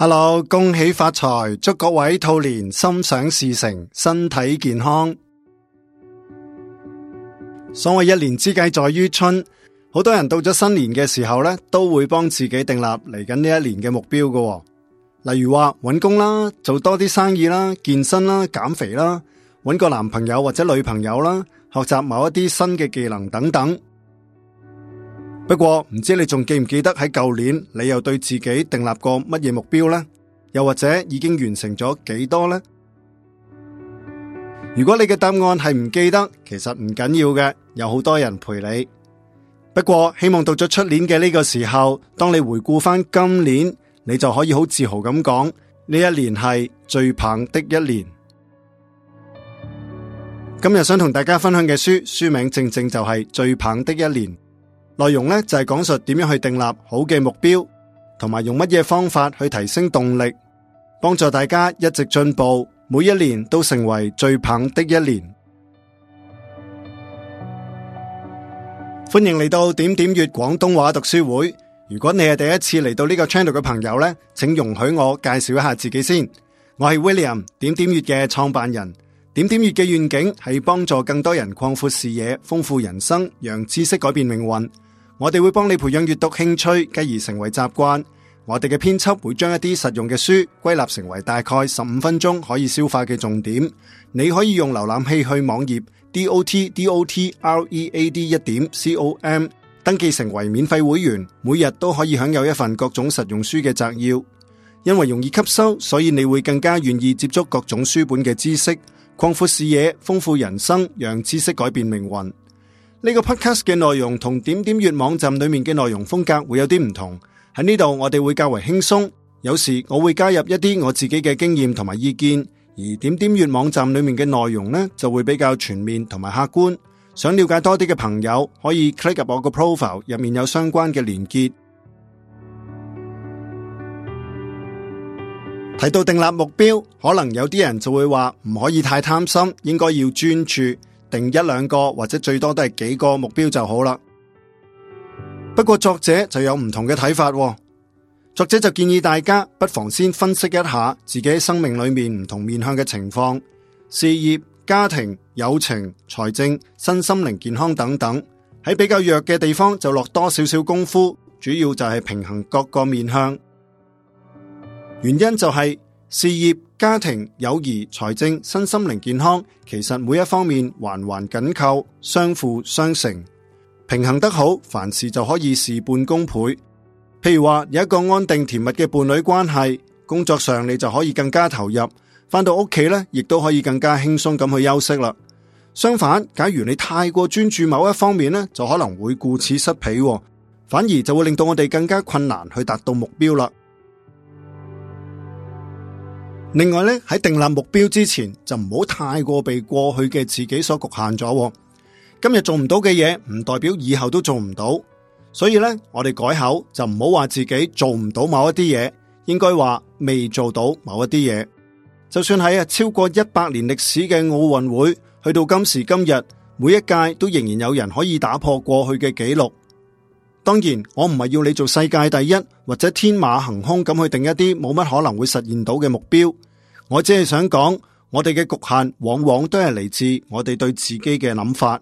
Hello，恭喜發財！祝各位兔年心想事成，身體健康。所謂一年之計在於春，好多人到咗新年嘅時候咧，都會幫自己定立嚟緊呢一年嘅目標㗎喎。例如話搵工啦，做多啲生意啦，健身啦，減肥啦，搵個男朋友或者女朋友啦，學習某一啲新嘅技能等等。不過唔知你仲記唔記得喺舊年，你又對自己定立過乜嘢目標呢？又或者已經完成咗幾多呢？如果你嘅答案係唔記得，其實唔緊要嘅，有好多人陪你。不過希望到咗出年嘅呢個時候，當你回顧返今年，你就可以好自豪咁講，呢一年係最棒的一年。今日想同大家分享嘅書，書名正正就係最棒的一年。內容咧，就係講述點樣去訂立好嘅目標，同埋用乜嘢方法去提升動力，幫助大家一直進步，每一年都成為最棒的一年。歡迎嚟到點點粵廣東話讀書會。如果你係第一次嚟到呢個 channel 嘅朋友咧，請容許我介紹一下自己先。我係 William，點點粵嘅創辦人。點點粵嘅願景係幫助更多人擴闊視野、豐富人生，讓知識改變命運。我哋會幫你培養閱讀興趣，繼而成為習慣。我哋嘅編輯會將一啲實用嘅書歸納成為大概十五分鐘可以消化嘅重點。你可以用瀏覽器去網頁 dot dot read 一點 com 登記成為免費會員，每日都可以享有一份各種實用書嘅摘要。因為容易吸收，所以你會更加願意接觸各種書本嘅知識，擴闊視野，豐富人生，讓知識改變命運。呢個 podcast 嘅內容同點點閱網站裏面嘅內容風格會有啲唔同，喺呢度我哋會較為輕鬆，有時我會加入一啲我自己嘅經驗同埋意見，而點點閱網站裏面嘅內容呢就會比較全面同埋客觀。想了解多啲嘅朋友可以 click 入我個 profile，入面有相關嘅連結。提到定立目標，可能有啲人就會話唔可以太貪心，應該要專注。定一兩個或者最多都係幾個目標就好啦。不過作者就有唔同嘅睇法喎，作者就建議大家不妨先分析一下自己生命裏面唔同面向嘅情況，事業、家庭、友情、財政、身心靈健康等等，喺比較弱嘅地方就落多少少功夫，主要就係平衡各個面向。原因就係、是、事業，家庭、友誼、財政、身心靈健康，其實每一方面環環緊扣，相輔相成，平衡得好，凡事就可以事半功倍。譬如話有一個安定甜蜜嘅伴侶關係，工作上你就可以更加投入，翻到屋企咧，亦都可以更加輕鬆咁去休息啦。相反，假如你太過專注某一方面咧，就可能會顧此失彼，反而就會令到我哋更加困難去達到目標啦。另外咧，喺定立目標之前就唔好太過被過去嘅自己所局限咗。今日做唔到嘅嘢，唔代表以後都做唔到。所以咧，我哋改口就唔好話自己做唔到某一啲嘢，應該話未做到某一啲嘢。就算係啊，超過一百年歷史嘅奧運會，去到今時今日，每一屆都仍然有人可以打破過去嘅紀錄。當然，我唔係要你做世界第一或者天馬行空咁去定一啲冇乜可能會實現到嘅目標。我只係想講，我哋嘅局限往往都係嚟自我哋對自己嘅諗法。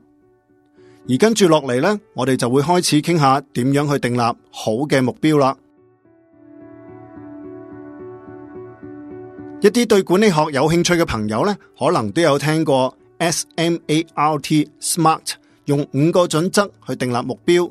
而跟住落嚟呢，我哋就會開始傾下點樣去定立好嘅目標啦。一啲對管理學有興趣嘅朋友呢，可能都有聽過 S-M-A-R-T，SMART，用五個準則去定立目標。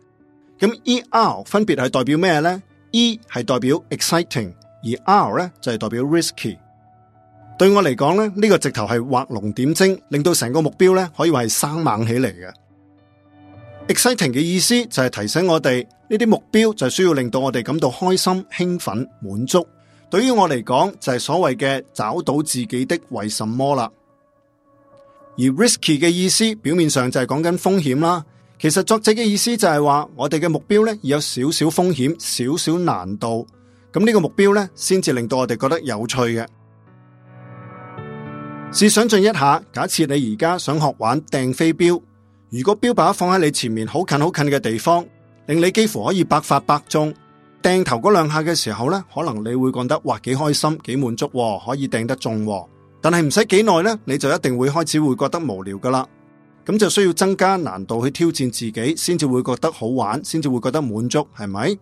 咁 E R 分別係代表咩呢 E 係代表 exciting，而 R 咧就係代表 risky。對我嚟講咧，呢、這個直頭係畫龍點睛，令到成個目標咧可以話係生猛起嚟嘅。exciting 嘅意思就係提醒我哋呢啲目標就需要令到我哋感到開心、興奮、滿足。對於我嚟講就係、是、所謂嘅找到自己的為什麼啦。而 risky 嘅意思表面上就係講緊風險啦。其實作者嘅意思就係話，我哋嘅目標咧要有少少風險、少少難度，咁、這、呢個目標咧先至令到我哋覺得有趣嘅。 試想象一下，假設你而家想學玩掟飛鏢，如果標靶放喺你前面好近好近嘅地方，令你幾乎可以百發百中，掟頭嗰兩下嘅時候呢，可能你會覺得哇幾開心、幾滿足，可以掟得中。但係唔使幾耐呢，你就一定會開始會覺得無聊噶啦。咁就需要增加難度去挑戰自己，先至會覺得好玩，先至會覺得滿足，係咪？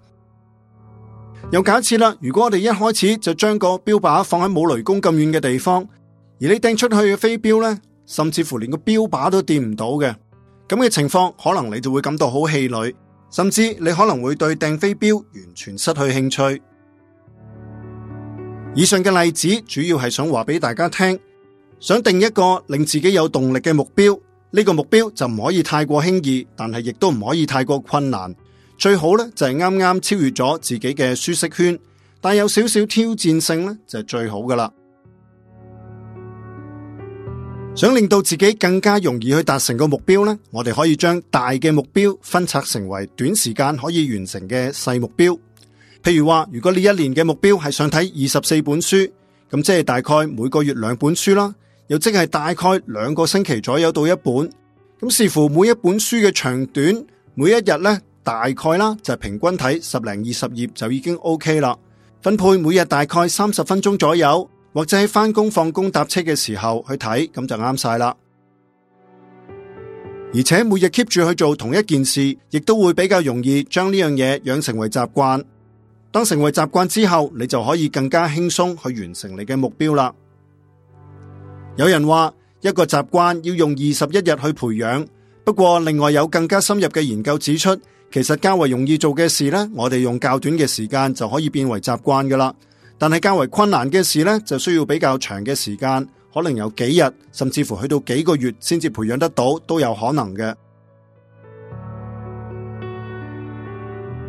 又假設啦，如果我哋一開始就將個標靶放喺冇雷公咁遠嘅地方，而你掟出去嘅飛鏢呢，甚至乎連個標靶都掟唔到嘅，咁嘅情況可能你就會感到好氣餒，甚至你可能會對掟飛鏢完全失去興趣。以上嘅例子主要係想話俾大家聽，想定一個令自己有動力嘅目標。呢個目標就唔可以太過輕易，但係亦都唔可以太過困難。最好咧就係啱啱超越咗自己嘅舒適圈，但有少少挑戰性咧就係最好噶啦。 想令到自己更加容易去達成個目標咧，我哋可以將大嘅目標分拆成為短時間可以完成嘅細目標。譬如話，如果呢一年嘅目標係想睇二十四本書，咁即係大概每個月兩本書啦。又即係大概兩個星期左右到一本，咁視乎每一本書嘅長短，每一日咧大概啦就平均睇十零二十頁就已經 OK 啦。分配每日大概三十分鐘左右，或者喺翻工、放工、搭車嘅時候去睇，咁就啱晒啦。而且每日 keep 住去做同一件事，亦都會比較容易將呢樣嘢養成爲習慣。當成爲習慣之後，你就可以更加輕鬆去完成你嘅目標啦。有人話一個習慣要用二十一日去培養，不過另外有更加深入嘅研究指出，其實較為容易做嘅事呢，我哋用較短嘅時間就可以變為習慣噶啦。但係較為困難嘅事呢，就需要比較長嘅時間，可能有幾日，甚至乎去到幾個月先至培養得到，都有可能嘅。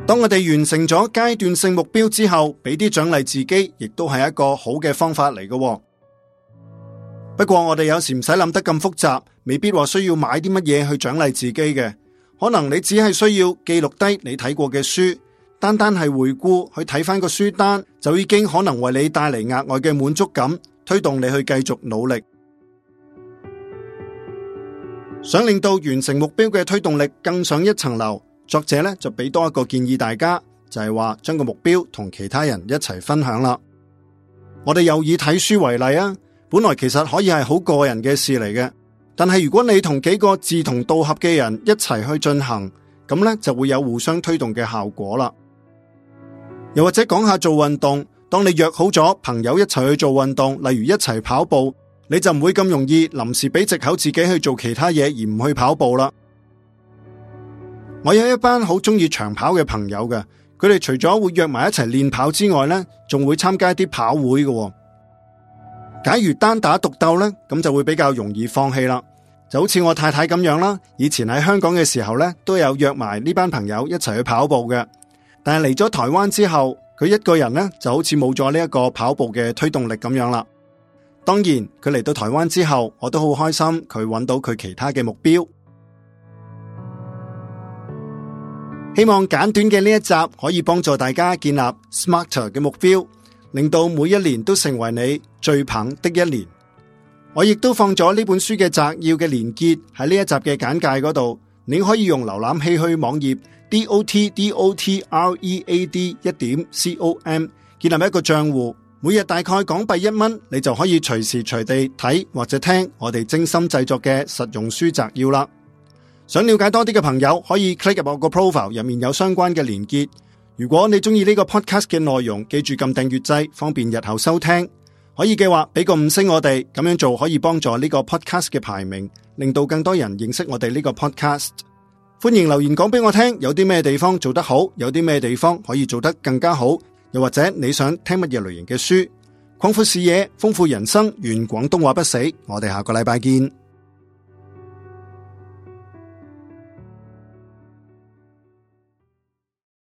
當我哋完成咗階段性目標之後，俾啲獎勵自己，亦都係一個好嘅方法嚟噶。不過我哋有時唔使諗得咁複雜，未必話需要買啲乜嘢去獎勵自己嘅。可能你只係需要記錄低你睇過嘅書，單單係回顧去睇翻個書單就已經可能為你帶嚟額外嘅滿足感，推動你去繼續努力。想令到完成目標嘅推動力更上一層樓，作者咧就俾多一個建議，大家就係話將個目標同其他人一齊分享啦。我哋又以睇書為例啊。本來其實可以係好個人嘅事嚟嘅，但係如果你同幾個志同道合嘅人一齊去進行，咁呢就會有互相推動嘅效果啦。又或者講下做運動，當你約好咗朋友一齊去做運動，例如一齊跑步，你就唔會咁容易臨時俾借口自己去做其他嘢而唔去跑步啦。我有一班好中意長跑嘅朋友嘅，佢哋除咗會約埋一齊練跑之外呢，仲會參加一啲跑會嘅喎。假如單打獨鬥咧，咁就會比較容易放棄啦。就好似我太太咁樣啦，以前喺香港嘅時候咧，都有約埋呢班朋友一齊去跑步嘅。但係嚟咗台灣之後，佢一個人咧就好似冇咗呢一個跑步嘅推動力咁樣啦。當然，佢嚟到台灣之後，我都好開心佢揾到佢其他嘅目標。希望簡短嘅呢一集可以幫助大家建立 smarter 嘅目標。令到每一年都成為你最棒的一年。我亦都放咗呢本書嘅摘要嘅連結喺呢一集嘅簡介嗰度。你可以用瀏覽器去網頁 dot dot read 一點 com，建立一個賬戶，每日大概港幣一蚊，你就可以隨時隨地睇或者聽我哋精心製作嘅實用書摘要啦。想了解多啲嘅朋友，可以 click 入我個 profile，入面有相關嘅連結。如果你中意呢個 podcast 嘅內容，記住撳訂閱掣，方便日後收聽。可以嘅話，俾個五星我哋，咁樣做可以幫助呢個 podcast 嘅排名，令到更多人認識我哋呢個 podcast。歡迎留言講俾我聽，有啲咩地方做得好，有啲咩地方可以做得更加好，又或者你想聽乜嘢類型嘅書。擴闊視野，豐富人生，願廣東話不死。我哋下個禮拜見。